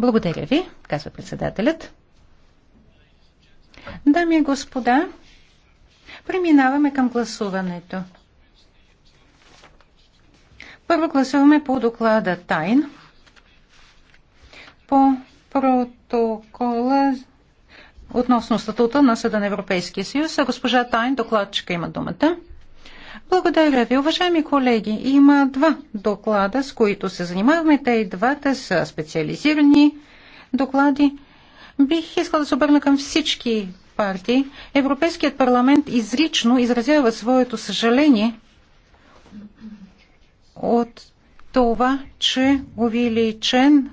Благодаря ви, казва председателят. Дами и господа, преминаваме към гласуването. Първо гласуваме по доклада Тайн, по протокола относно статута на Съда на Европейския съюз. А госпожа Тайн, докладчика, има думата. Благодаря ви, уважаеми колеги. Има два доклада, с които се занимаваме. Те и двата са специализирани доклади. Бих искал да се обърна към всички партии. Европейският парламент изрично изразява своето съжаление от това, че увеличен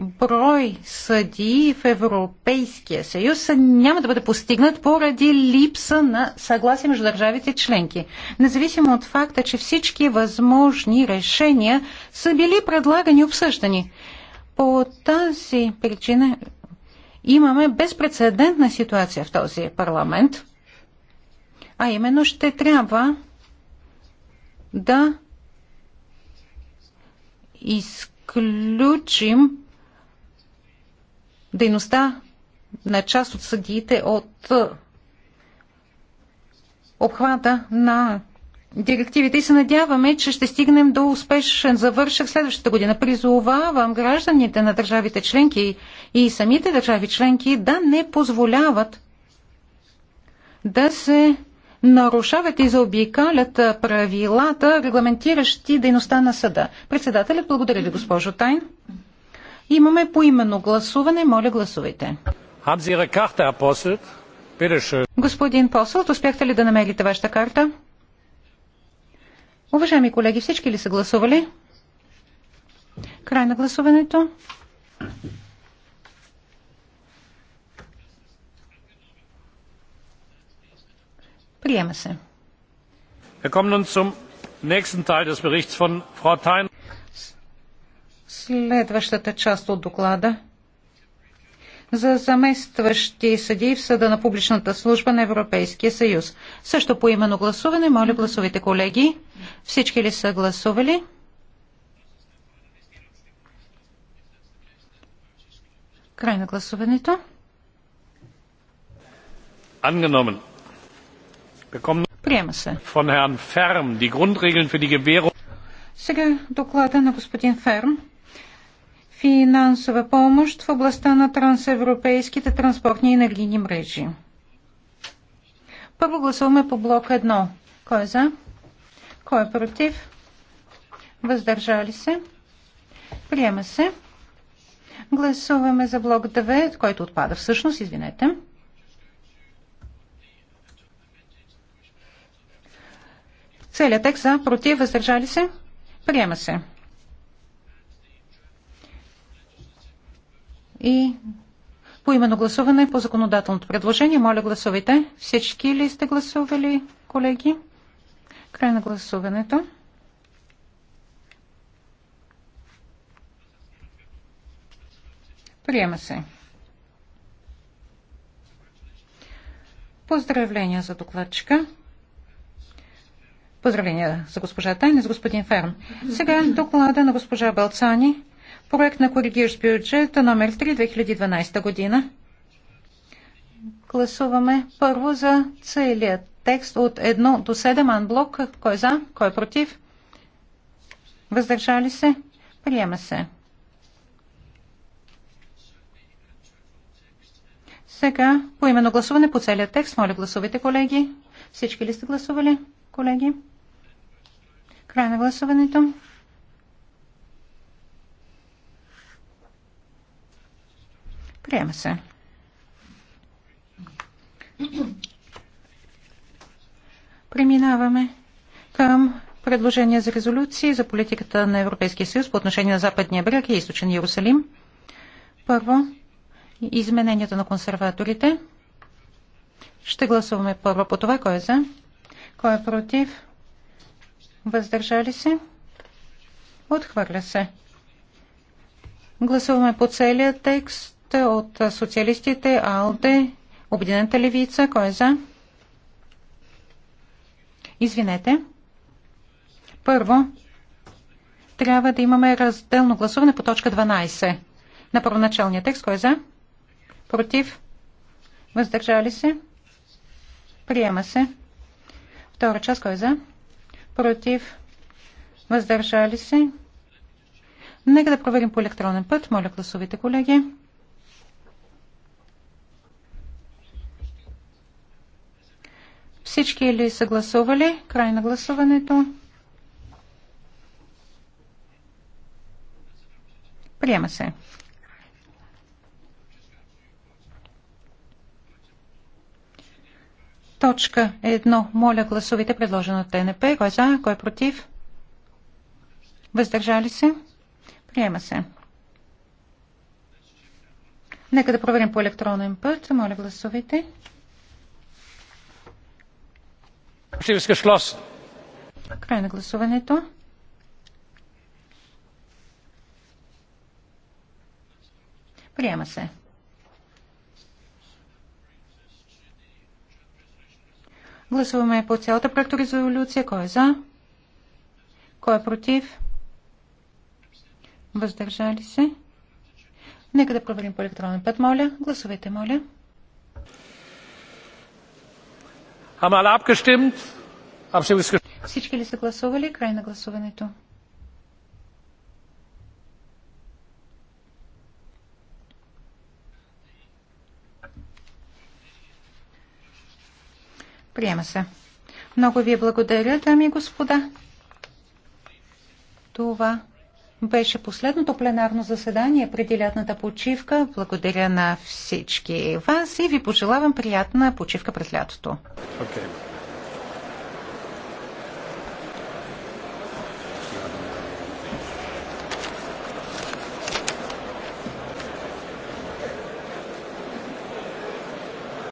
брой съдии в Европейския съюз няма да бъде постигнат поради липса на съгласие между държавите членки. Независимо от факта, че всички възможни решения са били предлагани и обсъждани. По тази причина имаме безпредседентна ситуация в този парламент, а именно ще трябва да изключим дейността на част от съдиите от е, обхвата на директивите и се надяваме, че ще стигнем до успешен завършък следващата година. Призовавам гражданите на държавите членки и самите държави членки да не позволяват да се нарушават и заобикалят правилата, регламентиращи дейността на съда. Председателят, благодаря ви, госпожо Тайн. Имаме поименно гласуване. Моля, гласувайте. Господин Посълт, успяхте ли да намерите вашата карта? Уважаеми колеги, всички ли са гласували? Край на гласуването. Приема се. Wir kommen nun zum nächsten Teil des Berichts von Frau Tein. Следващата част от доклада за заместващи съдии в съда на публичната служба на Европейския съюз. Също по именно гласуване, моля гласовите колеги. Всички ли са гласували? Край на гласуването. Angenommen. Приема се. Von Herrn Ferm, die Grundregeln für die Gewährung. Сега доклада на господин Ферм финансова помощ в областта на трансевропейските транспортни и енергийни мрежи. Първо гласуваме по блок 1. Кой е за? Кой е против? Въздържали се? Приема се. Гласуваме за блок 2, който отпада всъщност, извинете. Целият текст за, против, въздържали се? Приема се. По именно гласуване по законодателното предложение. Моля гласувайте. Всички ли сте гласували, колеги? Край на гласуването. Приема се. Поздравления за докладчика. Поздравления за госпожа Тайна, за господин Ферм. Сега доклада на госпожа Балцани Проект на коригиращ бюджет номер 3 2012 година. Гласуваме първо за целият текст от 1 до 7 анблок. Кой е за? Кой е против? Въздържали се? Приема се. Сега по именно гласуване по целия текст. Моля гласувайте, колеги. Всички ли сте гласували, колеги? Край на гласуването. Приема се. Преминаваме към предложение за резолюции за политиката на Европейския съюз по отношение на Западния бряг и Източен Иерусалим. Първо, измененията на консерваторите. Ще гласуваме първо по това, кой е за, кой е против, въздържали се, отхвърля се. Гласуваме по целия текст от социалистите, АЛДЕ, Обединената левица. Кой е за? Извинете. Първо, трябва да имаме разделно гласуване по точка 12. На първоначалния текст, кой е за? Против? Въздържали се? Приема се. Втора част, кой е за? Против? Въздържали се? Нека да проверим по електронен път. Моля, гласувайте, колеги. Всички ли са гласували? Край на гласуването. Приема се. Точка 1. Моля гласовите, предложено от ТНП. Кой за, кой против? Въздържали се? Приема се. Нека да проверим по електронен път. Моля гласовите. Край на гласуването. Приема се. Гласуваме по цялата проекторезолюция. Кой е за? Кой е против? Въздържали се? Нека да проверим по електронен път, моля. Гласувайте, моля. Всички ли са гласували? Край на гласуването. Приема се. Много ви благодаря, дами и господа. Това беше последното пленарно заседание преди лятната почивка. Благодаря на всички вас и ви пожелавам приятна почивка през лятото. Okay